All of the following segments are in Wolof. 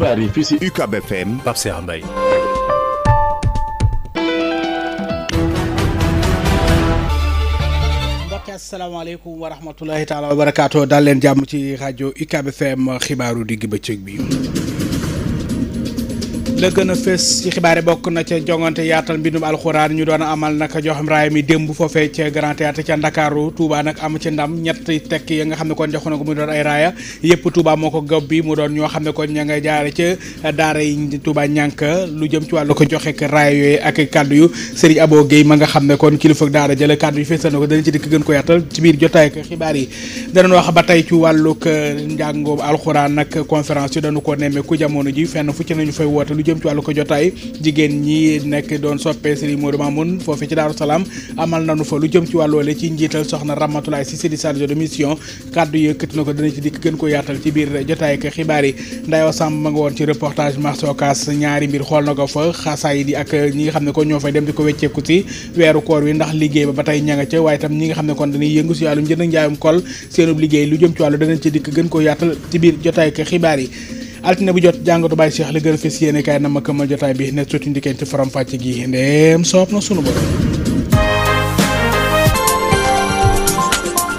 xibaar yi fii si UCAB FM Pape Serra Mbaye asalaamaaleykum wa rahmatulahi taala wa barakaatu daal leen jàmm ci rajo UCAB FM xibaaru digg ba bëccëg bi la gën a fës ci xibaari bokk na ca jongante yaatal mbindum alxuraan ñu doon amal naka joxam raay mi démb foofee ca Grand Théâtre ca Ndakaaru Touba nag am ci ndam ñetti tekk ya nga xam ne kon joxoon na ko muy doon ay moo ko gab bi doon ñoo xam ne kon ña nga jaare ca daara yi Touba ñànk lu jëm ci wàllu ko joxek raaya yooyu ak kàddu yu Serigne Abo ma nga xam ne kon kilifa daara jële kàddu yu feesal na ko danañ ci dikk gën ko yaatal ci biir jotaay ak xibaar yi danañ wax ba tey ci wàlluk eh, njàngoom alxuraan nag conférence yi dañu ko nemme ku jamono ji fenn fu ci nañu fay woote jëm ci wàllu ko jotaay jigéen ñi nekk doon soppee moo Modou Mamoun foofu ci Daaru Salaam amal nañu fa lu jëm ci wàlloole ci njiital soxna Ramatoulaye Cissé di chargé de mission kàddu yëkkati na ko dana ci dikk gën ko yaatal ci biir jotaay ak xibaar yi Ndayo Samb ma nga woon ci reportage marsokas ñaari mbir xool na ko fa ak ñi nga xam ne ko ñoo fay dem di ko wecceeku si weeru koor wi ndax liggéey ba ba tey ña nga ca tam ñi nga xam ne kon dañuy yëngu si wàllum jënd njaayum kol liggéey lu jëm ci wàllu danañ ci dikk gën ko yaatal ci biir jotaay ak xibaar yi altine bu jot jàngatu bàyyi Cheikh li gën a fës yéene kaay na ma a jotaay bi ne tuuti ndikkeen ci faram fàcc gi ndeem soob na sunu borom.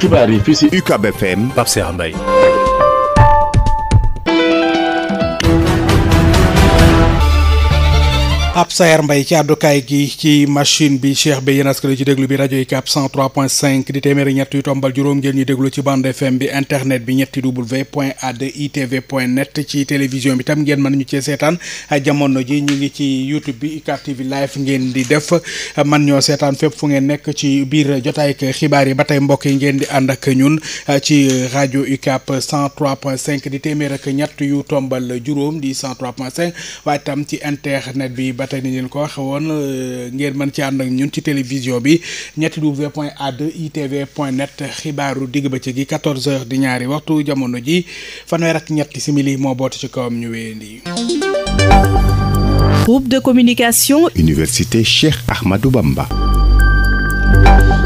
xibaar yi fii si UCAB FM Pape Cheikh Mbaye ab sayar mbay ci àddukaay gi ci machine bi cheikh bi yéen ci déglu bi rajo yi cap 103.5 di téeméeri ñett yu tombal juróom ngeen ñu déglu ci bande fm internet bi ñetti w point ad itv point net bi tam ngeen mën ñu cee seetaan jamono ji ñu ngi ci youtube bi cap tv live ngeen di def man ñoo seetaan fépp fu ngeen nekk ci biir jotaay xibaar yi ba tey mbokk yi ngeen di ànd ak ñun uh, ci rajo UCAP 103.5 di téeméer ak ñett yu tombal juróom di 103.5 waaye tam ci internet bi ba tey ni ko waxee woon euh, ngeen mën ci ànd ak ñun ci télévision bi ñetti w point a 2 itv point net xibaaru digg bëccëg gi 14 di ñaari waxtu jamono ji fanweer ak ñetti simili moo bootu ci kawam ñu wéyandi. groupe de communication. université Cheikh Ahmadou Bamba.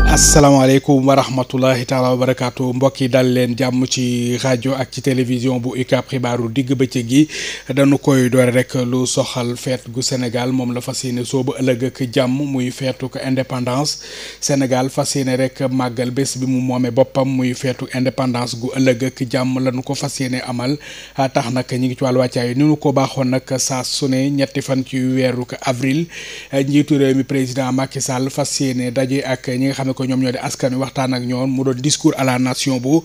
asalaamaaleykum wa rahmatulahi taala wa barakaatu mbokk yi dal leen jàmm ci rajo ak ci télévision bu UCAB xibaaru digg bëccëg gi dañu koy door rek lu soxal feet gu Sénégal moom la fas yéene ba ëllëg ak jàmm muy feetu ko indépendance Sénégal fas yéene rek màggal bés bi mu moomee boppam muy feetu indépendance gu ëllëg ak jàmm lañu ko fas yéene amal tax nag ñu ngi ci wàll wàccaay ni ñu ko baaxoon nag saa su ne ñetti fan ci weeru avril njiitu réew mi président Macky Sall fas daje ak ñi nga xam ko ñoom ñoo di askan waxtaan ak ñoom mu doon discours à la nation bu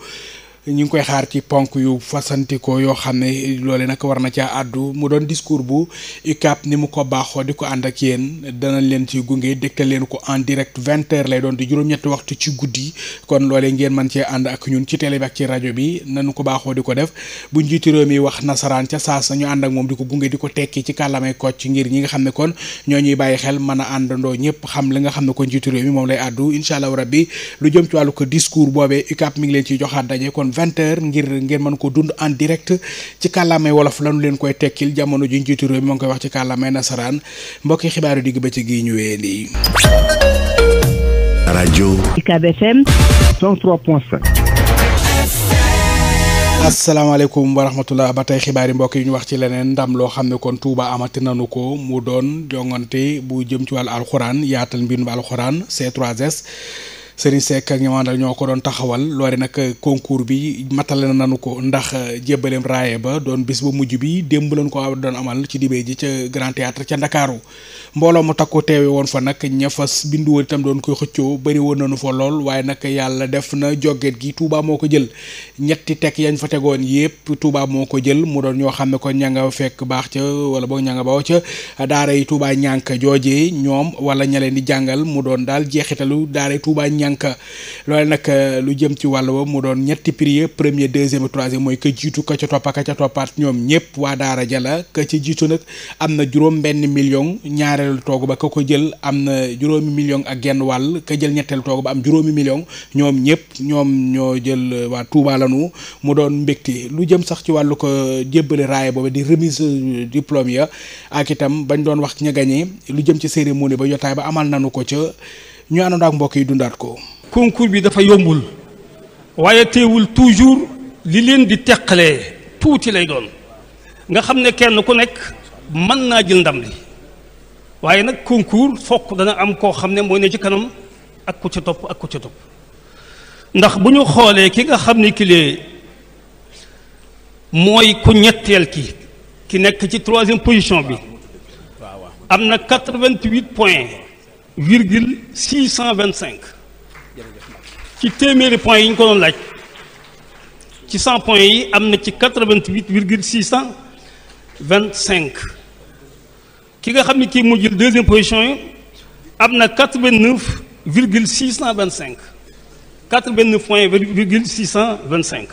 ñu ngi koy xaar ci ponk yu fasantikoo yoo xam ne loole nag war na caa àddu mu doon discours bu UCAP ni mu ko baaxoo di ko ànd ak danañ leen ci gunge dégtal leen ko en direct vingt heures lay di juróom-ñetti waxtu ci guddi kon loolee ngeen mën cee ànd ak ñun ci télé ak ci rajo bi nanu ko baaxoo di ko def bu njiitu réew mi wax nasaraan ca saas ñu ànd ak moom di ko gunge di ko tekki ci kàllaamay kocc ngir ñi nga xam ne kon ñoo ñuy bàyyi mën a àndandoo ñëpp xam li nga xam ne ko njiitu réew mi moom lay àddu incha allah lu jëm ci wàllu ko discours boobee UCAP mi ngi leen ciy joxaat daje kon maanaam ngir ngeen mën ko dund en direct ci kàllaamay wolof lanu leen koy tekkil jamono ji njiitu réew mi moo wax ci kàllaamay nasaraan mbokki xibaar yu digg bëccëg yi ñu wéyee nii. rajo. UCAB FM. 103.5. asalaamaaleykum ba tey xibaar yi mbokk yi ñu wax ci leneen ndam loo xam ne kon Touba amati nanu ko mu doon jongante bu jëm ci wàllu alxuraan yaatal mbindum alxuraan c 3 Serigne Seck ak ñoo ko doon taxawal loore nag concours bi matale na nanu ko ndax jébbaleem raaye ba doon bis bu mujj bi démb lañ ko doon amal ci dibee ji ca Grand Théâtre ca Ndakaaru mbooloo mu takku teewe woon fa nag ña fa bindu woon itam doon koy xëccoo bëri woon na nañu fa lool waaye nag yàlla def na jogget gi Touba moo ko jël ñetti teg yañ fa tegoon yépp Touba moo ko jël mu doon ñoo xam ko kon ña fekk baax ca wala boog ña nga baw ca daara ñànk joojee ñoom wala ña leen cinq loolu nag euh, lu jëm ci wàll wa mu doon ñetti prix premier deuxième troisième mooy ka jiitu ka ca toppa ka ca toppaat ñoom ñëpp waa daara jala ka ci jiitu nag am na juróom benn million ñaareelu toogu ba ka ko jël am na juróomi million ak genn wàll ka jël ñetteelu toogu ba am juróomi million ñoom ñëpp ñoom ñoo jël euh, waa Touba lanu mu doon mbégte lu jëm sax ci wàllu ko jébbale raaya boobu di remise euh, diplôme ya ak itam bañ doon wax ña gañee lu jëm ci cérémonie ba yotaay ba amal nanu ko ca ñu àndandoo ak mbokk yi dundaat ko. concours bi dafa yombul waaye teewul toujours li leen di teqalee tuuti lay doon nga xam ne kenn ku nekk mën naa jël ndam li waaye nag concours fokk dana am koo xam ne mooy ne ci kanam ak ku ca topp ak ku ci topp ndax bu ñu xoolee ki nga xam ne kilee mooy ku ñetteel ki ki nekk ci troisième position bi am na quatre vingt virgule six cent vingt cinq ci téeméeri point yi ñu ko doon laaj ci cent points yi am na ci quatre vingt huit virgule six cent vingt cinq ki nga xam ne kii mu jël deuxième position yi am na quatre vingt neuf virgule six cent vingt cinq quatre vingt neuf point virgule six cent vingt cinq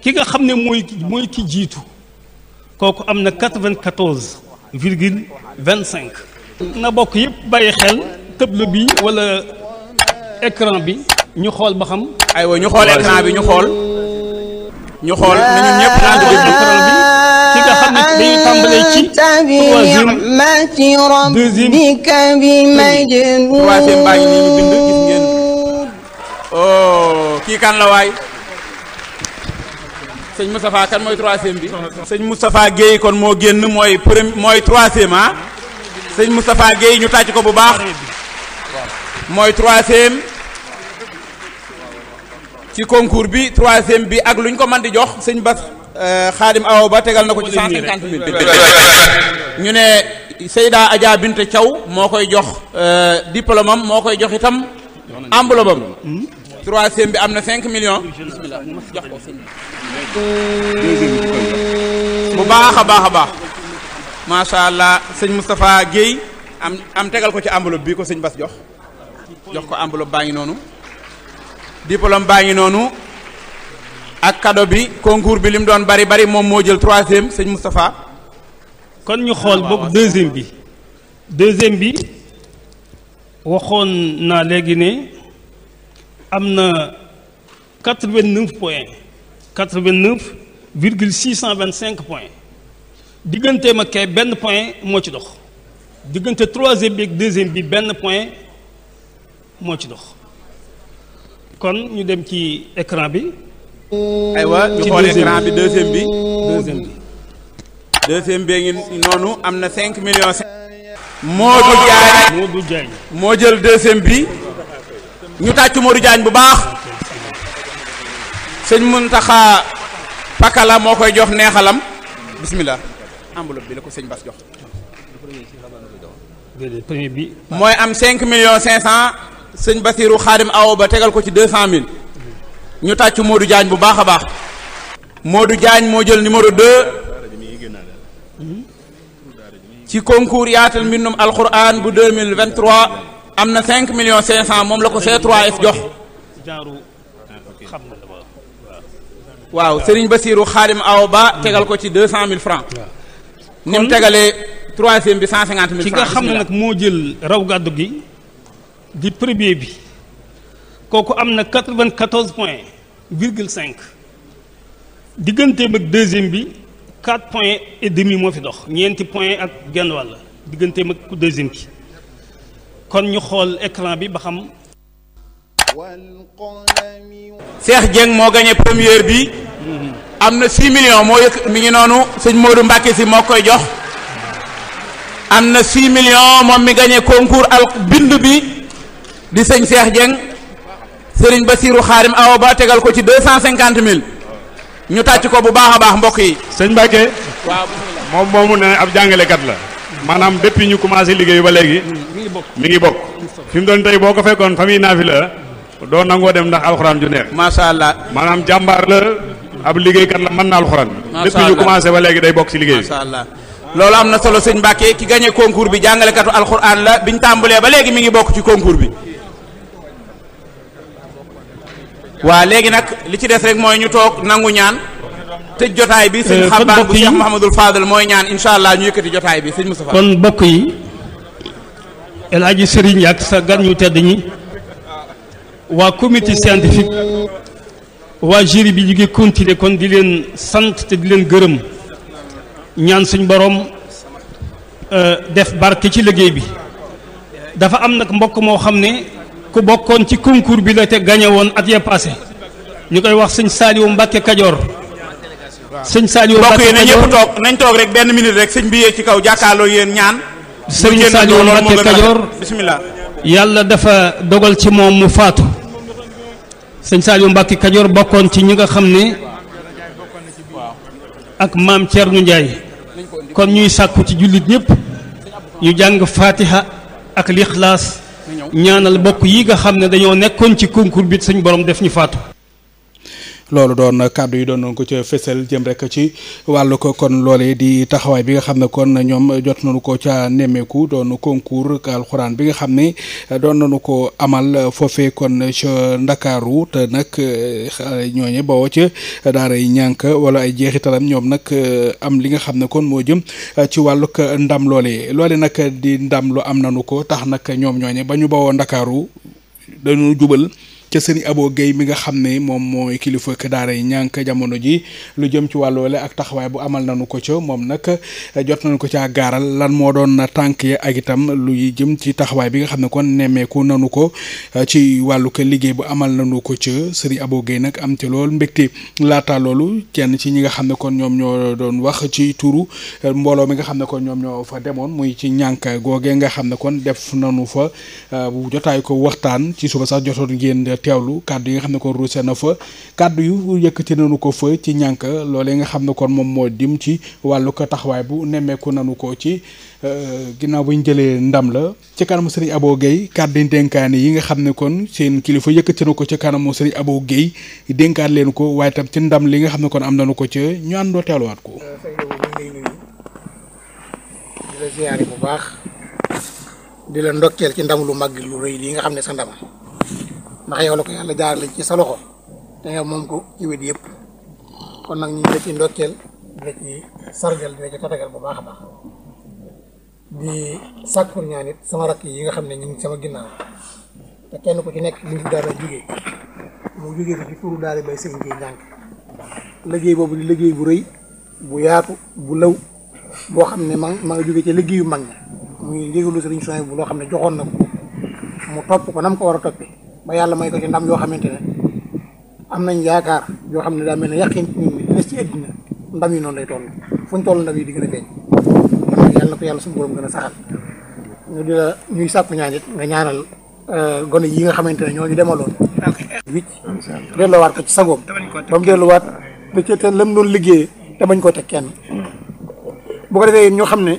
ki nga xam ne mooy mooy ki jiitu kooku am na quatre vingt quatorze virgule vingt cinq na bokk yëpp bàyyi xel table bi wala écran bi ñu xool ba xam. aywa ñu xool écran bi ñu xool. ñu xool nañu ñëpp naa dugg écran bi ci nga xam ne dañuy tàmbalee ci troisième deuxième troisième baa ngi nii ñu bind gis ngeen. oh kii kan la waay. sëñ Moustapha kan mooy troisième bi. sëñ Moustapha Guèye kon moo génn mooy premier mooy troisième ah. sëñ Moustapha Guèye ñu tàcc ko bu baax. mooy troisième ci concours bi troisième bi ak lu ñu ko mën di jox sëñ Bas euh, xaadim awo ba tegal na ko ci cent cinquante ñu ne Seyda Adja Binte Thiaw moo koy jox euh, diplôme am moo koy jox itam enveloppe am troisième bi am na cinq millions bismillah jox ko sëñ bu baax a baax a baax macha allah sëñ Moustapha Guèye am tegal ko ci enveloppe bi ko sëñ Bas jox jox ko enveloppe baa ngi noonu diplôme baa ngi noonu ak kado bi concours bi li mu doon bari bari moom moo jël troisième sëñ Moustapha kon ñu xool boog deuxième bi deuxième bi waxoon naa léegi ne am na quatre-vingt-neuf points quatre-vingt-neuf virgule six cent vingt-cinq points digganteem ak benn point moo ci dox diggante troisième bi ak deuxième bi benn point moo ci dox kon ñu dem ci écran bi. aywa ñu xool écran bi deuxième bi. deuxième bi. noonu am na cinq millions cinq. Modou Diagne Modou moo jël deuxième bi. ñu tàcc Modou Diagne bu baax. sëñ Muntaxa Pakala moo koy jox neexalam. bismillah enveloppe bi la ko sëñ Bass jox. mooy am cinq millions cinq cent. sëñ Basiiru Xaadim awo ba tegal ko ci deux cent mille ñu tàcc du Diagne bu baax a baax Modou Diagne moo jël numéro deux ci concours yaatal mbindum alquran bu deux mille vingt trois am na cinq million cinq cent moom la ko C3S jox waaw Serigne Basiiru Xaadim awo ba tegal ko ci deux cent mille francs ni mu tegalee troisième bi cent cinquante mille ci nga xam ne nag moo jël raw gàddu gi di premier bi kooku am na quatre-vingt-quatorze point virgule cinq digganteem ak deuxième bi quatre point et moo fi dox ñeenti point ak genn wàll digganteem ak ku deuxième bi kon ñu xool écran bi ba xam. Cheikh Dieng moo gagné première bi. am na 6 million moo yëkk mi ngi noonu sëñ Modou Mbacke si moo koy jox. am na 6 millions moom mi gagné concours al bind bi. di sëñ Cheikh Dieng sëriñ Basirou Xaarim awa ba tegal ko ci deux cent cinquante mille ñu tàcc ko bu baax a mbokk yi. sëñ Mbacke. waaw moom moomu ne ab jàngalekat la. maanaam depuis ñu commencé liggéey ba léegi. bokk mi ngi bokk. fi mu doon tey boo ko fekkoon famille naafi la doo nangoo dem ndax alxuraan ju neex. macha allah maanaam jàmbaar la ab na alxuraan. macha allah depuis ñu commencé ba léegi day bokk ci liggéey bi. macha allah loolu am na solo sëñ Mbacke ki gagné concours bi jàngalekatu alxuraan la biñ tàmbalee ba léegi mi ngi bokk ci concours bi. waa léegi nag li ci des rek mooy ñu toog nangu ñaan tëj jotaay bi sëñ euh, xabbaan bu Cheikh Mahamadul Fadal mooy ñaan insha allah ñu yëkkati jotaay bi sëñ Moustapha kon bokk yi El Hadji Serigne ak sa gan ñu tedd ñi waa comité scientifique waa jury bi ñu ngi kon di leen sant te di leen gërëm ñaan suñ borom euh, def barke ci liggéey bi dafa am nag mbokk moo xam ne ku bokkoon ci concours bi la te gañe at ya passé ñu koy wax sëñ Saliou wu Kajoor. sëñ Saliou Mbacke Kajoor mbokk yi nañ toog nañ rek benn minute rek sëñ bi yee ci kaw jàkkaarloo yéen ñaan. sëñ Saliou Mbacke Kajoor yàlla dafa dogal ci moom mu faatu. sëñ Saliou Mbacke Kajoor bokkoon ci ñi nga xam ne ak maam Thierno Ndiaye kon ñuy sàkku ci jullit ñëpp ñu jàng fatiha ak lixlaas ñaanal bokk yi nga xam ne dañoo nekkoon ci concours bi suñ borom def ñu faatu loolu doon kàddu yi doon doon ko ca fésal jëm rek ci wàllu ko kon loolee di taxawaay bi nga xam ne kon ñoom jot nañu ko ca nemmeeku doon concours alxuraan bi nga xam ne doon nañu ko amal foofee kon ca Ndakaaru nag ñooñe bawoo ca daara yi ñànk wala ay jeexitalam ñoom nag am li nga xam ne kon moo jëm ci wàllug ndam loole loole nag di ndam lu am nanu ko tax nag ñoom ñooñe ba ñu bawoo Ndakaaru dañu jubal ca sëriñ Abo Guèye bi nga xam ne moom mooy kilifa daara yi ñànk jamono ji lu jëm ci wàlloole ak taxawaay bu amal nañu ko ca moom nag eh, jot nañu ko caa gaaral lan moo doon tànk yi ak itam luy jëm ci taxawaay bi nga xam ne kon nemmeeku nanu ko eh, ci wàllu ko liggéey bu amal nanu ko ca sëriñ Abo Guèye nag am ci loolu mbégte laata loolu kenn ci ñi nga xam ne kon ñoom ñoo doon wax ci turu eh, mbooloo mi nga xam ne kon ñoom ñoo fa demoon muy ci ñànk goog nga xam ne kon def nanu fa jotaay ko waxtaan ci suba sax jotoon ngeen teewlu kàddu yi nga xam ne kon ruuse na fa kàddu yu yëkkati nanu ko fa ci ñànk loolee nga xam ne kon moom moo dim ci wàllu ko taxawaay bu nemmeeku nañu ko ci euh, ginnaaw bu ñu jëlee ndam la ci kanamu Serigne aboo Guèye kàddu dénkaane yi nga xam ne kon seen kilifa yëkkati na ko ci kanamu Serigne Abo Guèye dénkaat leen ko waaye tam ci ndam li nga xam ne kon am nañu ko ca ñu àndoo teewluwaat ko. Euh, di la ziyaare lu mag lu rëy lii nga xam ne sa ndam ndax yow la ko yàlla jaarale ci sa loxo te nga moom ko ci wet yëpp kon nag ñu ngi ci ndokkeel di la ci sargal di tatagal bu baax a baax di sàkku ñaan it sama rakk yi nga xam ne ñu ngi sama ginnaaw te kenn ku ci nekk li ñu daal a jugee mu jugee ko ci turu daal a bay sëriñ bi njànk boobu di liggéey bu rëy bu yaatu bu law boo xam ne man ma nga jógee ci yu mag ña muy jégalu sëriñ Soñ bu loo xam ne joxoon na mu topp ko nam ko war a toppee ba yàlla may ko ci ndam yoo xamante ne am nañ yaakaar yoo xam ne daa mel ne yàqin ci ñun ndam yi noonu lay toll fu ñu toll ndam yi di gën a feeñ yàlla na ko yàlla suñu borom gën a saxal ñu di ñuy sàkku ñaan nga ñaanal euh, gone yi nga xamante ne ñoo ñu demaloon wicc delloowaat ko ci sagoom ba mu delluwaat te ci doon liggéeyee te bañ koo teg kenn bu ko defee ñoo xam ne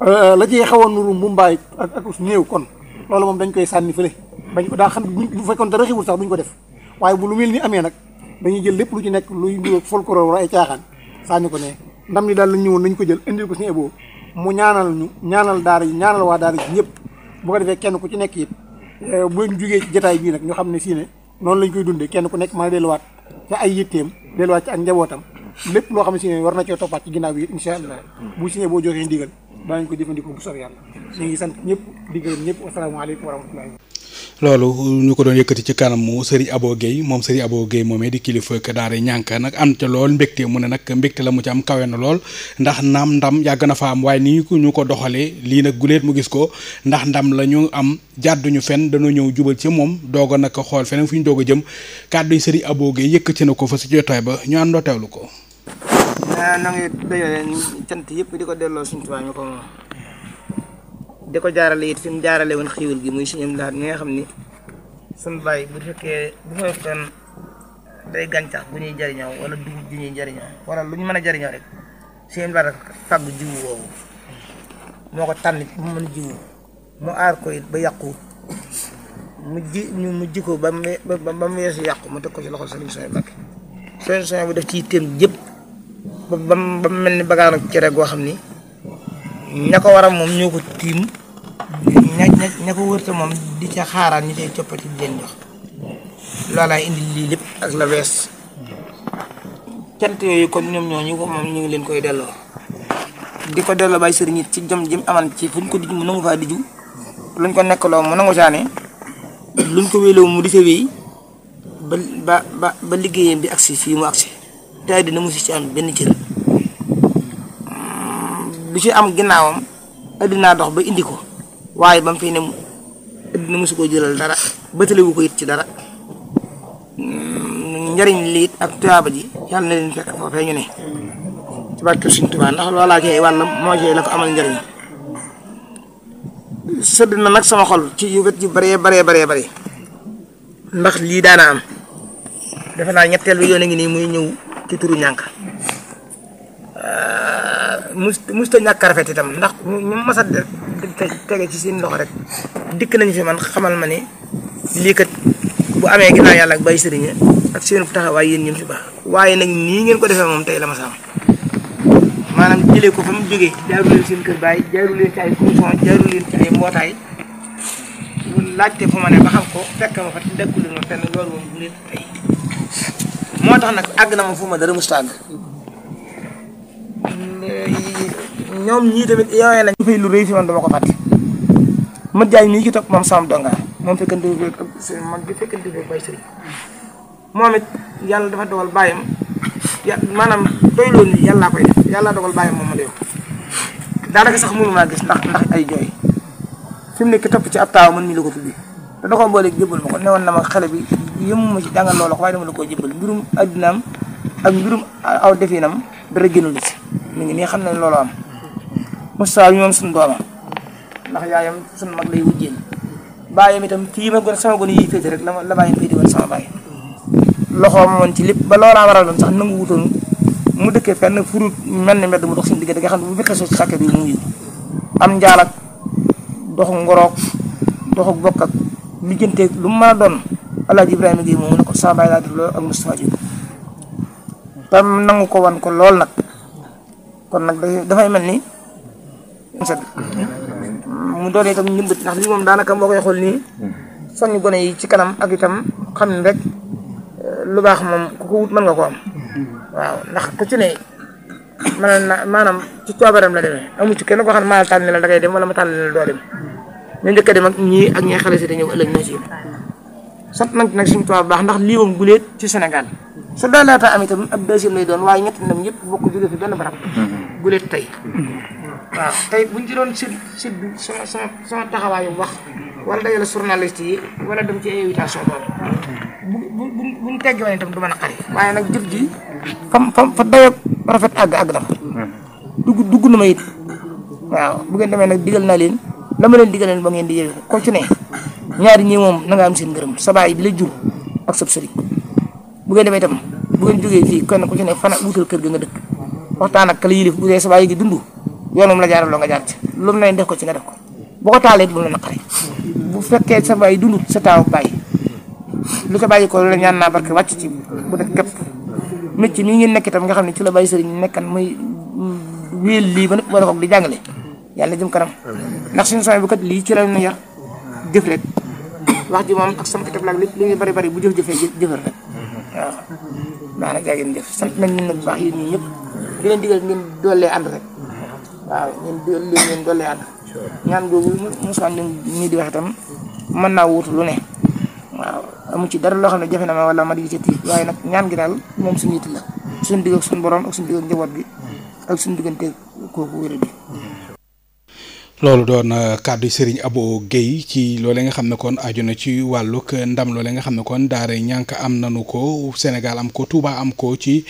euh, la ciy xawoon nuru mumbaay ak ak néew kon loolu moom dañ koy sànni fële dañ daa xam bu fekkoon dara xewul sax duñ ko def waaye bu lu mel ni amee nag dañuy jël lépp lu ci nekk luy mbiroog folklore wala ay caaxaan saa ñu ko ne ndam ni daal lañ ñëwoon nañ ko jël indil ko suñu eboo mu ñaanal ñu ñaanal daara yi ñaanal waa daara ñëpp bu ko kenn ku ci nekk it eh, bu ñu jugee ci jotaay bii nag ñu xam ne sii noonu lañ koy dundee kenn ku nekk mën a delluwaat ci ay yitteem delluwaat ci ak njabootam lépp loo xam ne si ne war na cee toppaat ci ginnaaw yi incha allah bu si ne boo joxee ndigal danañ ko jëfandikoo bu yàlla ñu ngi sant ñëpp di gërëm ñëpp asalaamaaleykum wa rahmatullahi loolu ñu ko doon yëkkati ci kanamu Serigne Abo Guèye moom Serigne Abo Guèye moomee di kilifa ka daara ñànka nag am ca lool mbégte mu ne nag mbégte la mu ci am kawe na lool ndax naam ndam yàgg na fa am waaye nii ñu ko doxalee lii nag guleet mu gis ko ndax ndam lañu am jàdduñu fenn dañoo ñëw jubal ci moom doog nag xool feneen fi ñu doog a jëm kàddu yi Serigne aboo Guèye yëkkati na ko fa si jotaay ba ñu àndoo teewlu ko. de ko jaarale it fi mu jaarale woon xiiwal gi muy suñu am laat mi nga xam ni suñu bàyyi bu fekkee bu fekkoon day gàncax bu ñuy jariñoo wala dugub ji ñuy jariñoo wala lu mën a jariñoo rek suñu am laat fàggu jiwu woowu moo ko tànn mu mën jiwu mu aar ko it ba yàqu mu ji ñu mu ji ko ba mu ba mu weesu yàqu mu teg ko ci loxo Sëriñ Sooy Mbàkke Sëriñ Sooy bu def ci yitteem jëpp ba ba mel ni bagaanu cere goo xam ni ña ko waram moom ñoo ko tiim ña ña ko wërta moom di ca xaaraan ñu cay coppati di leen jox loolaay indi lii lépp ak la wees cant yooyu kon ñoom ñoo ñu ko moom ñu ngi leen koy delloo di ko delloo bàyyi sëriñ ci jom jëm amal ci fuñ ko dij mu nangu faa diju luñ ko nekkaloo mu nangu saane luñ ko wéyloo mu di sa wéy ba ba ba liggéeyam bi aksi fii mu te taay dina mu si ci benn cër lu ci am ginnaawam addinaa dox ba indi ko waaye ba mu fi ne addina mosu koo jëlal dara bëtalewu ko it ci dara mm, njariñ liit ak tuyaaba ji yàlla na leen ne ci barke Sëriñ Tuubaa ndax loolaa cee moo cee la ko amal njariñ sëdd na nag sama xol ci yu wet yu bare bare bare bare ndax lii daana am defe naa ñetteel bi yoon a ngi nii muy ñëw ci turu ñànk mus mus ta ñàkk a itam ndax ñu mas a tege ci seen loxo rek dikk nañu fi man xamal ma ni liikat kat bu amee ginnaaw yàlla ak bay sëriñ ak seen taxawaay yéen ñun si baax waaye nag nii ngeen ko defee moom tey la ma saam maanaam jëlee ko fa mu jógee jaaru leen seen kër baay jaaru leen ci ay commission jaaru ci ay mbootaay lu laajte fu ma ne ba xam ko fekk ma fa dekkul ma fenn loolu moom bu leen tey moo tax nag àgg na ma fu ma dara mustàgg ñoom ñii tamit yooyee nañ fay lu rëy fi man dama ko fàtte mat jaay mii ki topp moom sam donga moom fekkante man bi fekkante bi bay sëriñ moom it yàlla dafa dogal bàyyam maanaam doy loon dogal bàyyam moom ma doy daanaka sax mënu maa gis ndax ndax ay jooy fi nekk topp ci ab taaw man mii la ko tuddi te da koo jëbbal ma ko newoon na ma xale bi yëmu ci jàngal loolu ko waaye dama la koo jëbbal mbirum addinaam ak mbirum aw definam dara gënul ci mi ngi nii xam nañ loolu am Moustapha mi moom suñu doomam ndax yaayam suñu mag lay wujjee bàyyam itam fii ma gën sama gën yi féete rek la ma la bàyyi féete woon sama bàyyi loxoom woon ci lépp ba loolaa waraloon sax nangu wutoon mu dëkkee fenn furut mel ni mbedd mu dox seen diggante nga xam ne bu fekkee ci sàkke bi mu ngi am njaalak doxu ngoroog doxu bokk ak lijjanteeg lu mu mën a doon Alaaji Ibrahima Gueye moom ne ko sama bàyyi laa def loolu ak Moustapha Diop tam nangu ko wan ko lool nag kon nag dafay mel ni sag mu doon itam njëmbat ndax lii moom daanaka moo koy xool nii soññ gone yi ci kanam ak itam xam ne rek eh, lu baax moom ku ko wut mën nga ko am waaw ndax ku ci ne man na maanaam ci coobaram la demee amu ci kenn ko xam ne maa la dangay dem wala ma tànn doo dem ñu njëkk dem ak ñii ak ñi xale si dañëw ëllëg ñoo si sant nañ nag suñu tubaab baax ndax lii moom guleet ci senegal sa daan laata am itam ab deuxième lay doon waaye ñett ndam yëpp bokk jóge fi benn barab mm-hmm. guleet tey waaw tey buñ ci doon sédd sédd sama sama sama taxawaayu wax wala dajale journaliste yi wala dem ci invitation boobu bu bu bu buñ tegge woon waaye nag jëf ji fam fam fa dayoo rafet àgg àgg na fa dugg dugg na ma it waaw bu ngeen demee nag digal naa leen la leen digal leen ba ngeen di yëg ko ne ñaari ñi moom na nga am seen ngërëm sa baay bi la jur ak sab sëriñ bu ngeen demee itam bu ngeen jógee fii kenn ku ci ne fan a wutal kër gi nga dëkk waxtaan ak kala yilif bu dee sa baay gi dund yoonum la jaaraloo nga jaar ci loolu mu def ko ci nga def ko bu ko taalee bu la naqaree bu fekkee sa bàyyi dundut sa taaw bàyyi lu ca bàyyi ko la ñaan naa barke wàcc ci bu def képp métti mii ngeen nekk itam nga xam ne ci la bàyyi sëriñ nekkan muy wéel lii ba nëpp di jàngale yàlla jëm kanam ndax suñu sooy bu kat lii ci la ñu yar jëf rek wax ji moom ak sama kitab laag lépp bu jëf jëfee jëfal rek waaw daanaka yaa ngeen jëf sant nañ leen nag bu baax yéen ñii ñëpp di leen digal ngeen doolee ànd rek waaw ñun du lu ñun dolli ànd ñaan googu Moussa nii di wax itam mën naa wuutu lu ne waaw amu ci dara loo xam ne jafe na ma wala ma di ci tiit waaye nag ñaan gi daal moom suñu yitt la suñu digg suñu borom ak suñu digg ak bi ak suñu diggante kooku wéra loolu doon uh, kàddu Serigne Abo Guèye ci loole nga xam ne kon aju na ci wàllug ndam loole nga xam ne kon daara ñànk am nanu ko Sénégal am ko Touba am ko ci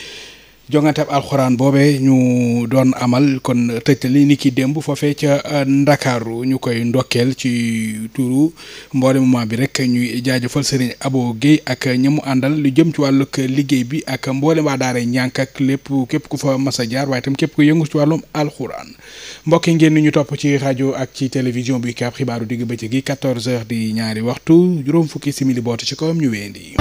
jongante ab alxuraan boobee ñu doon amal kon tëj li ni ki démb foofee ca euh, ndakaaru ñu koy ndokkeel ci turu mboole moment bi rek ñuy jaajëfal sëriñ aboo Guèye ak ñamu àndal lu jëm ci wàllug liggéey bi ak mboole waa daara ñànk ak lépp képp ku fa mas a jaar waaye tam képp ku yëngu ci wàllum alxuraan mbokk yi ngeen ñu topp ci rajo ak ci télévision bi kaab xibaaru digg bëccëg gi 14 heures di ñaari waxtu juróom fukki simili boot ci kawam ñu weendi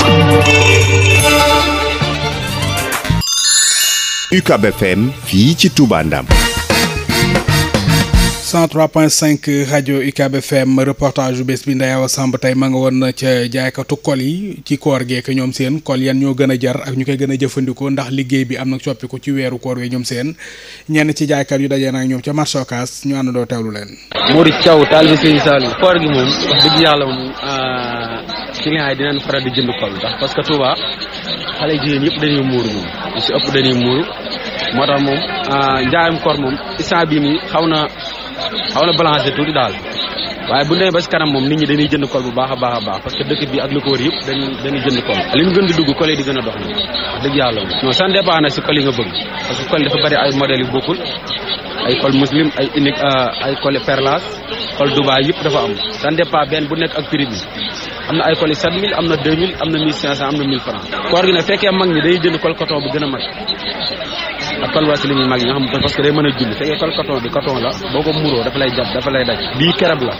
UCAB FM fii ci Touba Ndam 103.5 rajo UCAB FM reportage bu bés bi Ndeye Awa Samb tey ma nga woon na ca jaaykatu kol yi ci koor geek ñoom seen kol yenn ñoo gën a jar ak ñu koy gën a jëfandikoo ndax liggéey bi am na soppiku ci weeru koor wi ñoom seen ñenn ci jaaykat yu dajee nag ñoom ca marché Ocass doo àndandoo teewlu leen. Mouride Thiaw taal bi Sëñ Saliou koor gi moom wax dëgg yàlla moom ah, client yi dinañ faral jënd kol ndax parce que Touba. xale jigéen yëpp dañuy muuru moom si ëpp dañuy muuru moo tax moom ah, njaayam koor moom instant bii nii xaw na xaw na balancé tuuti daal waaye bu demee ba si moom nit ñi dañuy jënd kol bu baax a baax baax parce que dëkk bi ak li ko wër yëpp dañuy li ñu gën dugg kol yi di gën a dox na yàlla moom non ça dépend nag si kol yi nga bëgg parce que kol dafa ay modèles yu bokkul ay col muslim ay unique euh, ay col perlas col Dubaï yëpp dafa am ça dépend benn bu nekk ak prix bi am na ay col yi sept mille am na deux mille am na mille cinq cent am na mille franc koor gi nag fekkee mag ñi day jënd col bu gën a mag ak col waasili mi mag parce que day mën a julli fekkee col coton bi coton la boo ko muuroo dafa lay jàpp dafa lay bii kerab la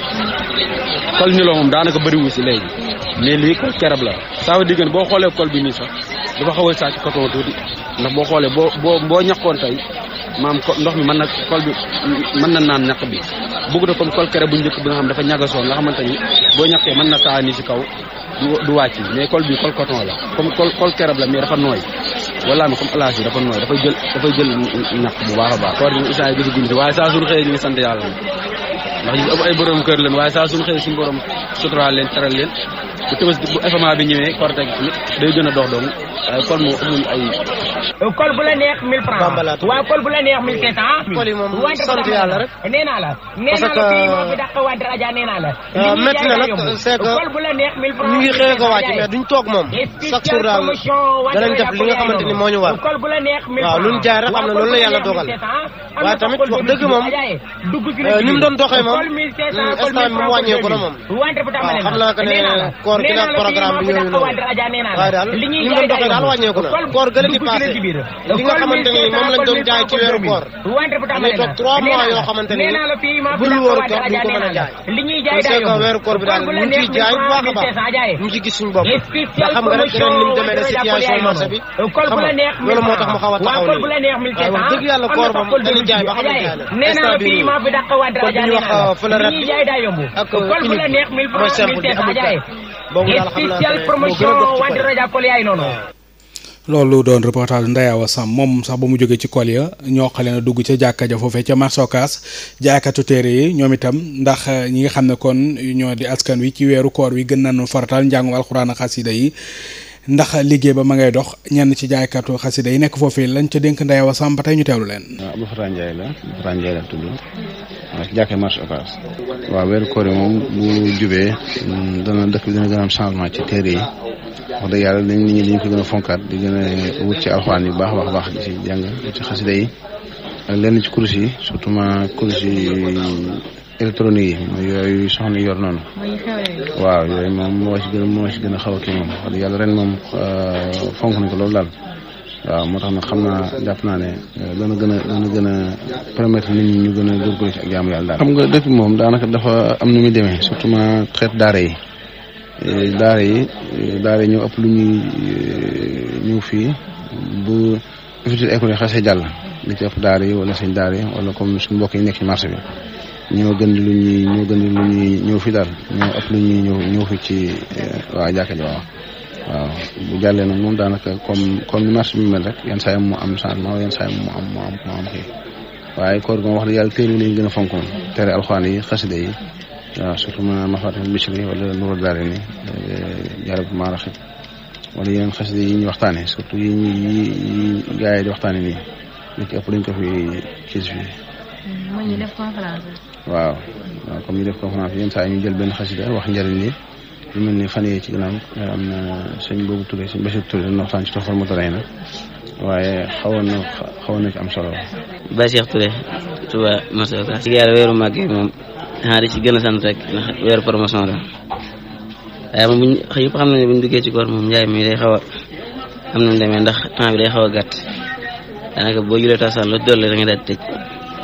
ñu niloo moom daanaka bëriwul si léegi mais lii col la saa wa diggante boo xoolee col bi nii sax dafa xaw a saa ci coton tuuti ndax boo xoolee boo boo boo ñaqoon tey maam ndox mi man na col bi mën na naan ñaq bi bëgg na comme col kere bu njëkk bi nga xam dafa ñagasoon nga xamante ni boo ñaqee man na taani si kaw du wàcc mais col bi col coton la comme col la mais dafa nooy wala mi comme alaas yi dafa nooy dafay jël dafay jël ñaq bu baax a baax koor gi isaan yi gisi guñ si waaye saa suñu xëyee ñu ngi sant yàlla ndax ñu ëpp ay borom kër leen waaye saa suñu xëyee suñu borom suturaal leen teral leen bu tëbës bu événement bi ñëwee korite gi tamit day gën a dox dong col moom amuñu ay. Euh, col bu la neex 1000 francs. bambalaat waaw col bu la neex 1500. Ah, col yi moom sant yàlla rek. nee la nee naa la euh, na nag c'est que col bu la neex 1000 francs ñu toog moom. chaque jour daal danañ def li nga xamante ni moo ñu war. waaw lu ñu jaay rek xam ne loolu la yàlla dogal. waaye tamit wax dëgg moom euh, ni mu doon doxee moom instant bi mu wàññeeku na moom. waaw xam naa que ne. koor gi nag programme bi yooyu noonu waaye daal li ñu doon doxee daal wàññeeku na koor gële di passé li nga xamante ni moom lañ doon jaay ci weeru koor dañuy toog trois mois yoo xamante ni bu dul woon koor duñ ko mën a jaay kon c'est que weeru koor bi daal ñu ngi ciy jaay bu baax a baax ñu ci gis suñu bopp ndax xam nga rek ren ni mu demee ne situation marché bi xam nga loolu moo tax mu xaw a taxaw nii waaye wax dëgg yàlla koor moom dañuy jaay ba xam ne jaay na instant bii nii kon bi ñu wax euh, fële ren ak kii bi mooy serre bi amul boobu loolu doon reportage Ndeye Awa moom sax ba mu jógee ci kool ya ñoo xale na dugg ca jàkka ja foofee ca marsokaas jaaykatu téere yi ñoom itam ndax ñi nga xam ne kon ñoo di askan wi ci weeru koor wi gën nañu farataal njàngum alxuraan ak xasida yi ndax liggéey ba ma ngay dox ñenn ci jaaykatu xasida yi nekk foofii lañ ca dénk Ndeye Awa ba tey ñu teewlu leen. waaw jàkkee marché occas waaw weeru koor moom bu jubee mm, dana dëkk bi dina changement ci téere yi wax dëgg yàlla dañ nit ñi dañ ko gën a di gën a wut ci alxuraan yu baax baax baax di ci jàng ci xasida yi ak lenn ci kurus yi surtout ma kurus yi électronique yi yooyu soxna yor noonu waaw yooyu moom moo ci gën a moo ci moom wax dëgg yàlla ren moom euh, fonk nañ ko loolu daal waaw moo tax na xam naa jàpp naa ne euh, dana gën a dana gën a permettre nit ñu gën a góorgóorlu ci ak jaamu yàlla daal. xam nga dëkk moom daanaka dafa am nu muy demee surtout ma xeet daara yi euh, daara yi euh, daara ëpp lu ñuy ñëw fii bu fitur école yi xasee jàll li ci ëpp daara yi wala seen daara yi wala comme suñu mbokk nekk ci marché bi ñoo gën di lu ñuy gën di ñëw fi daal ñoo ëpp lu ñuy ñëw ñëw fi ci waa jàkka ji waaw bu jàllee na moom daanaka comme comme marché bi mel rek yenn saa yi mu am changement yenn saa yi mu mu am mu am kii waaye koor gi wax dëgg yàlla téere lañu gën a fonkoon tere alxuraan yi xasida yi waaw surtout maanaam Mafaatihul Bichri wala Nuuru Daarayni eh, Jaalibul Maaraqib wala yeneen xasida yi ñuy waxtaanee surtout yi ñuy yi gars yi di nii li ëpp dañ ko fi gis fii. Mm, def conférence. waaw waaw comme ñu def conférence yenn saa yi ñu jël benn xasida wax njëriñ li. lu mel ni fan yee ci euh, na sëñ boobu Touré sëñ Bachir Touré doon waxtaan ci toxal mu daray na waaye xawoon na na ci am solo. Bachir Touré Touba Moussa Ka. ci yàlla weeru màgg yi moom ci gën a sant rek ndax weeru promotion la waaye yëpp xam ne bu ñu duggee ci koor moom njaay mi day xaw a am nañ demee ndax temps bi day xaw a gàtt daanaka boo julee tasaan lu dolli da nga daal di tëj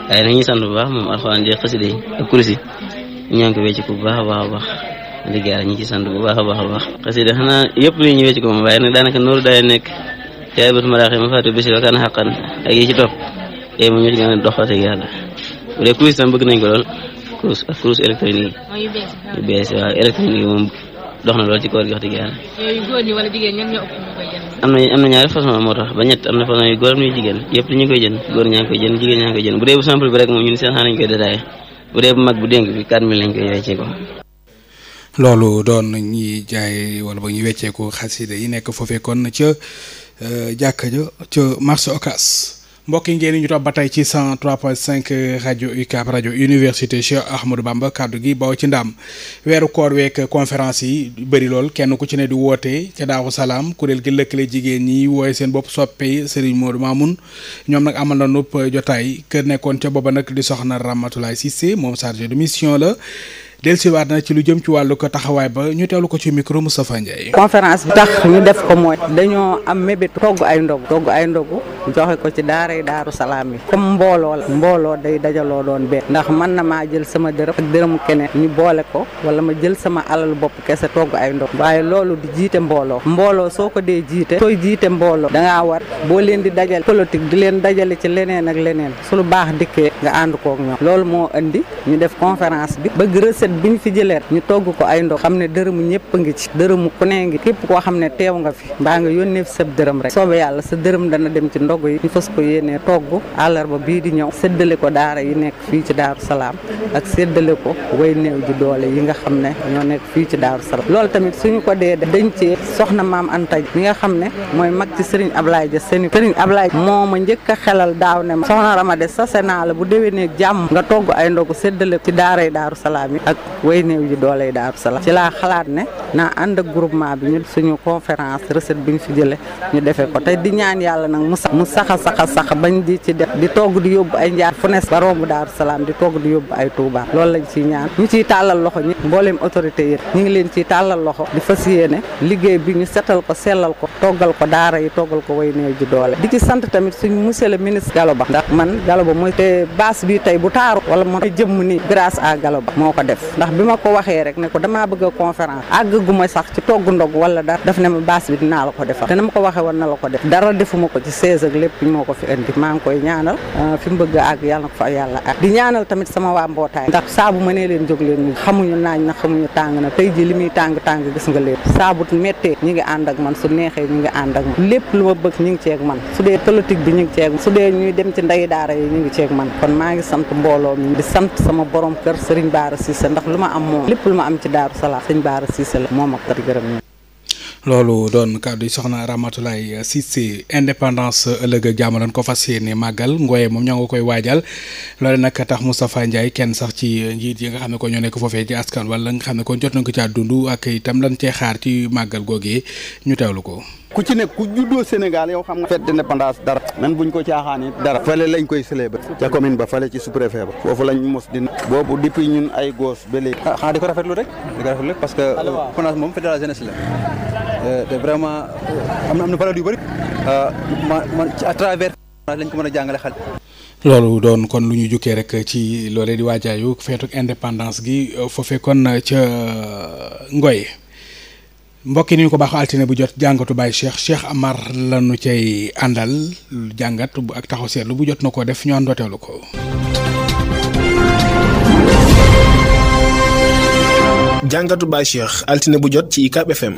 waaye nañuy sant bu baax moom alxuraan ji xasida yi ak kursi ko wécc ko bu baax a baax a baax. liggéey ñi ci sant bu baax a baax a baax xasida xanaa yëpp luy ñëwee ci waaye daanaka nooru daay nekk jaay bët maraax ma faatu yi bëgg nañ ko dox na lool ci koor gi wax am na am façon moo ba ñett am na façon yu góor am na jigéen yëpp li ñu koy jënd góor ñaa ngi koy bu dee bu simple bi rek moom ñun seen xaa nañ koy détaillé bu dee bu mag bu dénk bi 4000 lañ koy yore ci ko loolu doon ñuy jaay wala ba ñu wecceeku xasida yi nekk foofee kon ca euh, jàkka ja ca marché Ocass mbokk yi ngeen ñu topp ba tey ci cent 103.5 rajo UCAB rajo université Cheikh Ahmadou Bamba kàddu gi baw ci ndaam weeru koor week conférence yi bëri lool kenn ku ci ne di woote ca Daaru Salaam kuréel gi lëkk lëkkale jigéen ñi wooye seen bopp soppe Serigne Modou Mamoun ñoom nag amal na nupp jotaay kër nekkoon ca booba nag di soxna Ramatoulaye Cissé moom chargé de mission la dellusiwaat na ci lu jëm ci wàllu ko taxawaay ba ñu teewlu ko ci micro Moustapha Ndiaye. conférence bi tax ñu def ko mooy. dañoo am mébét togg ay ndogu. togg ay ndogu joxe ko ci daaray daaru salaam yi. comme mbooloo la. mbooloo day dajaloo doon benn. ndax mën na maa jël sama dërëm. ak dërëmu keneen ñu boole ko wala ma jël sama alal bopp kese togg ay ndogu. waaye loolu di jiite mbooloo. mbooloo soo ko dee jiite. sooy jiite mbooloo. da war boo leen di dajale. politique di leen dajale ci leneen ak leneen su lu baax dikkee nga ànd koog ñoom loolu biñ fi jëleet ñu togg ko ay ndox xam ne dërëmu ñëpp ngi ci dërëmu ku nee ngi képp koo xam ne teew nga fi mbaa nga yónnee fi dërëm rek soobee yàlla sa dërëm dana dem ci ndog yi ñu fas ko yéenee togg àllarba bii di ñëw séddale ko daara yi nekk fii ci daaru salaam ak séddale ko way néew ji doole yi nga xam ne ñoo nekk fii ci daaru salaam loolu tamit suñu ko dee dañ ci soxna maam Anta mi nga xam ne mooy mag ci sëriñ Ablaye ja seni sëriñ Ablaye moo ma njëkk xelal daaw ne soxna Ramade sase naa la bu déwénee jàmm nga togg ay ndogu séddale ci daaray daaru way néew doole yi Daaru Salaam ci laa xalaat ne na ànd ak groupement bi ñu suñu conférence recette bi ñu fi jëlee ñu defee ko te di ñaan yàlla nag mu sax mu saxa saxa sax bañ di ci def di togg di yóbbu ay njaar fu nes ba romb Daaru Salaam di togg di yóbbu ay Touba loolu lañ ciy ñaan ñu ciy tàllal loxo ñi mbooleem autorité yi ñu ngi leen ciy tàllal loxo di fas ne liggéey bi ñu setal ko sellal ko toggal ko daara yi toggal ko way ji doole di ci sant tamit suñu monsieur le ministre Gallo Ba ndax man Gallo Ba mooy te baas bi tey bu taaru wala mo jëmm ni grâce à Gallo Ba moo ko def ndax bi ma ko waxee rek ne ko damaa bëgg a conférence àggaguma sax ci togg ndog wala dara daf ne ma baas bi dinaa la ko defal te na ma ko waxee woon na la ko def dara defuma ko ci seize ak lépp moo ko fi indi maa ngi koy ñaanal euh, fi mu bëgg a àgg yàlla na ko fa yàlla ak di ñaanal tamit sama waa mbootaay ndax saabu ma nee leen jóg leen ñu xamuñu naaj na xamuñu tàng na tey ji li muy tàng tàng gis nga lépp saabu méttee ñi ngi ànd ak man su neexee ñi ngi ànd ak lépp lu ma bëgg ñu ngi ceeg man su dee politique bi ñu ngi ceeg su dee ñuy dem ci ndey daara yi ñi ngi ceeg man kon maa ngi sant mbooloo mi di sant sama borom kër Serigne Bara Cissé ndax lu ma am moom lépp lu ma am ci daaru salaam sëñ Baara Cissé la moom ak kër gërëm loolu doon kàddu yi soxna Ramatoulaye Cissé indépendance ëllëg ak jàmm lañ ko fas yéene màggal ngooye moom ñoo ngi koy waajal loole nag tax Moustapha Ndiaye kenn sax ci njiit yi nga xam ne ko ñoo nekk foofee ci askan wala nga xam ne kon jot nañ ko caa dund ak itam lan cee xaar ci màggal googee ñu teewlu ko. ku ci nekk ku juddoo Sénégal yow xam nga fête d'indépendance dara nan buñ ko caaxaanee dara fële lañ koy célébrer ca commune ba fële ci sous-préfet ba foofu lañ mos di boobu depuis ñun ay gos ba léegi ah, ko rafetlu rek di ko rafetlu rek parce que indépendance euh, moom fête de la euh, vraiment euh, am na am na valeur yu bëri man à travers lañ ko mën a jàngale xel loolu doon kon lu ñu jukkee rek ci loolee di waajaayu feetuk indépendance gi foofee kon ca Ngoy mbokki yi ko baaxoo altine bu jot jàngatu Baye Cheikh Cheikh Amar la ñu cay àndal jàngat bu ak taxaw seetlu bu jot na ko def ñu àndooteelu ko. jàngatu Baye Cheikh altine bu jot ci UCAB FM.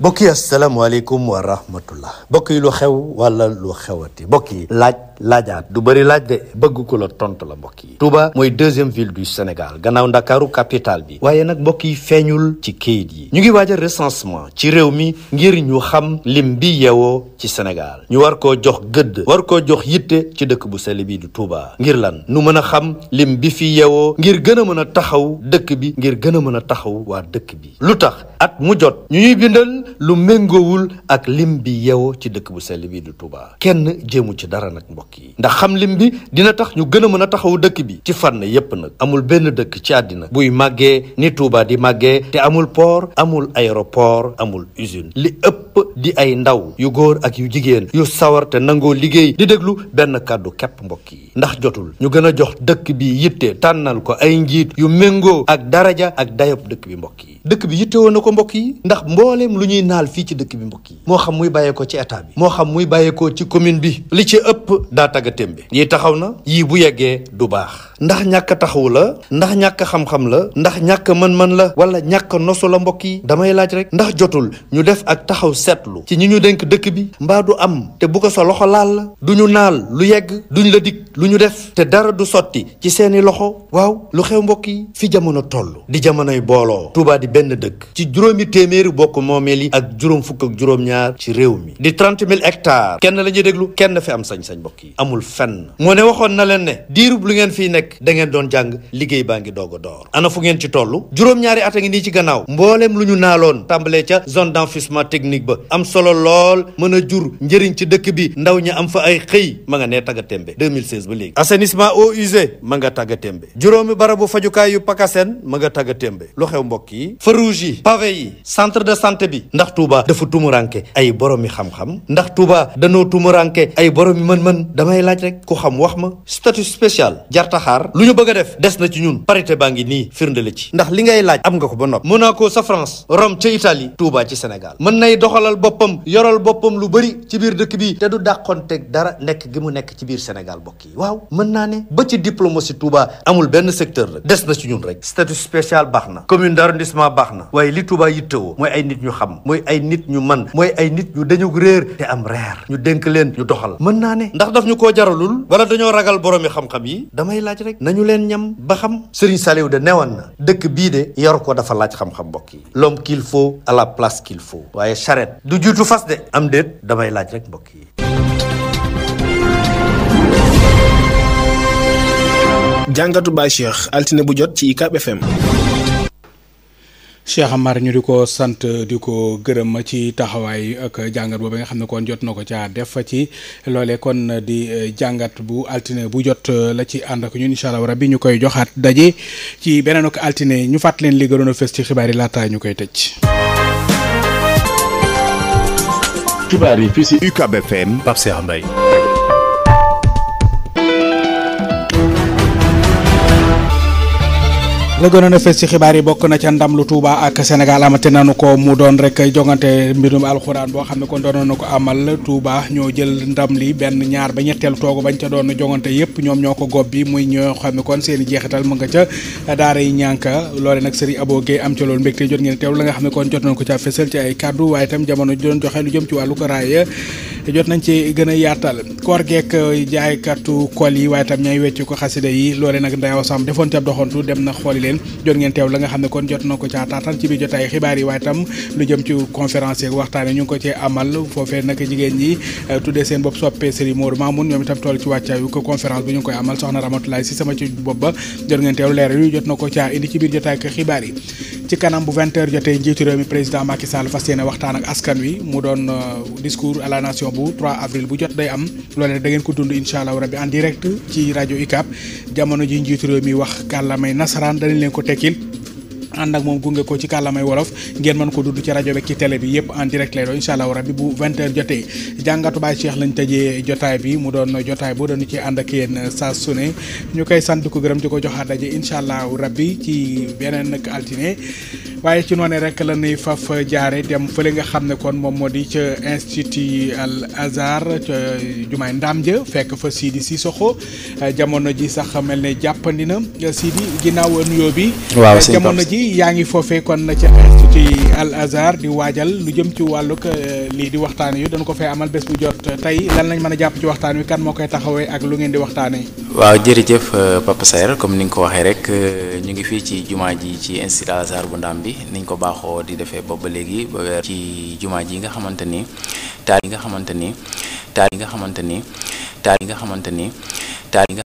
mbokk yi asalaamaaleykum wa rahmatullah mbokk yi lu xew wala lu xewati mbokk yi laaj. laajaat du bari laaj de bëgg ko la tontu la mbokk yi Touba mooy deuxième ville du Sénégal gannaaw Ndakaaru capitale bi waaye nag mbokk yi feeñul ci kayit yi ñu ngi waaj a recensement ci réew mi ngir ñu xam lim bi yeewoo ci Sénégal ñu war koo jox gëdd war koo jox yitte ci dëkk bu sell bii du Touba ngir lan nu mën a xam lim bi fi yeewoo ngir gën a mën a taxaw dëkk bi ngir gën a mën a taxaw waa dëkk bi lu tax at mu jot ñu ñuy bindal lu méngoowul ak lim bi yeewoo ci dëkk bu sell bii di Touba kenn jéemu ci dara nag mbokk ndax xam lim bi dina tax ñu gën a mën a taxawu dëkk bi ci fànn yépp nag amul benn dëkk ci àddina buy màggee ni Touba di màggee te amul poor amul aéroport amul usine li ëpp di ay ndaw yu góor ak yu jigéen yu sawar te nangoo liggéey di déglu benn kàddu képp mbokk yi ndax jotul ñu gën a jox dëkk bi yitte tànnal ko ay njiit yu méngoo ak daraja ak dayob dëkk bi mbokk yi dëkk bi yittewoo na ko mbokk yi ndax mbooleem lu ñuy naal fii ci dëkk bi mbokk yi moo xam muy bàyyeekoo ci état bi moo xam muy bàyyeekoo ci commune bi li ci ëpp daa tagga témbe yii taxaw na yii bu yeggee du baax ndax ñàkk taxawu la ndax ñàkk xam-xam la ndax ñàkk mën man la wala ñàkk nosu la mbokk yi damay laaj rek ndax jotul ñu def ak taxaw seetlu ci ñi ñu dénk dëkk bi mbaa du am te bu ko sa loxo laal la du ñu naal lu yegg duñ la dikk lu ñu def te dara du sotti ci seeni loxo waaw lu xew mbokk yi fi jamono toll di jamonoy booloo Touba di benn dëkk ci juróomi téeméeri bokk moomeel yi ak juróom fukk ak juróom-ñaar ci réew mi di trente mille ectare kenn la ñuy déglu kenn fi am sañ-sañ mbokk yi amul fenn moo ne waxoon na leen ne diirub lu ngeen fiy nekk fekk da doon jàng liggéey baa ngi doog a door ana fu ngeen ci toll juróom-ñaari at a ngi nii ci gannaaw mbooleem lu ñu naaloon tàmbalee ca zone d'enfouissement technique ba am solo lool mën a jur njëriñ ci dëkk bi ndaw ñi am fa ay xëy ma nga nee tagatémbe 2016 ba léegi assainissement eaux usées ma nga tagatémbe juróomi barabu fajukaay yu pakasen ma nga tagatémbe lu xew mbokk yi feu rouge yi pavé yi centre de santé bi ndax Touba dafa tumuranke ay boromi xam-xam ndax Touba danoo tumuranke ay boromi mën-mën damay laaj rek ku xam wax ma statut Qatar lu ñu bëgg a def des na ci ñun parité baa ngi nii firnde ci ndax li ngay laaj am nga ko ba nopp koo sa France Rome ca Italie Touba ci Sénégal mën nay doxalal boppam yoral boppam lu bëri ci biir dëkk bi te du dàqonteeg dara nekk gi mu nekk ci biir Sénégal bokk yi waaw mën naa ne ba ci diplomatie Touba amul benn secteur la des na ci ñun rek statut spécial baax na commune dara d'arrondissement baax na waaye li Touba yittewoo mooy ay nit ñu xam mooy ay nit ñu man mooy ay nit ñu dañu réer te am reer ñu dénk leen ñu doxal mën naa ne ndax daf ñu koo jaralul wala dañoo ragal boroomi xam-xam yi rek nañu leen ñam ba xam Serigne Saliou de newoon na dëkk bii de yor ko dafa laaj xam-xam mbokk yi l'homme qu'il faut à la place qu'il faut waaye charrette du juutu fas de am déet damay laaj rek mbokk yi jàngatu Baye Cheikh altine bu jot ci UCAB FM Cheikh Amar ñu di ko sant di ko gërëm ci taxawaay ak jàngat boobu nga xam ne kon jot na ko caa def ci loole kon di eh, jàngat bu altine bu jot eh, la ci ànd ak ñun incha allah rabi ñu koy joxaat daje ci beneen ak altine ñu fàttali leen li gënoon a ci xibaar yi laata ñu koy tëj. xibaar yi fii si UCAB FM la gënoon a fees ci xibaar yi bokk na ca ndam lu Touba ak Sénégal amati nanu ko mu doon rek jongante mbirum alxuraan boo xam ne kon doonoon na ko amal Touba ñoo jël ndam li benn ñaar ba ñetteelu toogo bañ ca doon jongante yëpp ñoom ñoo ko gob bi muy ñoo xam ne kon seen i jeexital mu nga ca daara yi ñànka loole nag Serigne Abo Gueye am ca loolu mbégte jot ngeen teew la nga xam ne kon jot nañ ko ca fesal ci ay kàddu waaye itam jamono doon joxe lu jëm ci wàllu ko jot nañ ci gën a yaatal koor geek uh, jaaykatu kol yi waaye tam ñay weccu ko xasida yi loole nag Ndeye Awa defoon ci ab dem na xooli leen jot ngeen teew la ne kon jot na ko caa taataan ci biir jotaay xibaar yi ko cee amal foofee nag ñi uh, tuddee seen bopp soppee Serigne Modou Mamoun ñoom itam toll ci jot na ko caa indi ci biir jotaay ko xibaar yi ci kanam bu 20 heures jotee njiitu réew mi président Macky Sall fas yéene waxtaan ak askan wi mu doon uh, discours à la nation bu 3 avril bu jot day am loole da ngeen ko dund incha allah rabbi en direct ci rajo UCAB jamono ji njiitu réew mi wax kàllaamay nasaraan danañ leen ko tekkil. ànd ak moom gunge ko ci kàllaamay wolof ngeen mën ko dund ci rajo beeg ci tele bi yëpp en direct lay doon incha allahu rabbi bu 20h jotee jàngatu baay Cheikh lañ tëjee jotaay bi mu doon jotaay boo doon ci ànd ak yéen saa su ne ñu koy sant ko gërëm di ko joxaat daje incha allahu rabbi ci beneen nag altine. waaye ci noonee rek la nuy faf jaare dem fële nga xam ne kon moom moo di ca institut al azar ca jumaay ndaam ja fekk fa si Sissoko jamono ji sax mel ne jàppandi na Sidi ginnaaw nuyoo bi. waaw eh, jamono ji yaa ngi foofee kon na ca institut Al Azhar di waajal lu jëm ci wàllug euh, lii di waxtaan yu dañ ko fee amal bés bu jot tey lan lañ mën a jàpp ci waxtaan wi kan moo koy taxawee ak lu ngeen di waxtaanee. waaw jërëjëf euh, Papa Saer comme ni nga ko waxee rek euh, ñu ngi fii ci jumaa ji ci institut Al bu Ndam bi niñ ko baaxoo di defee boobu ba léegi ba weer ci jumaa ji nga xamante ni taal yi nga xamante ni taal yi nga xamante ni taal yi nga xamante ni taal yi nga.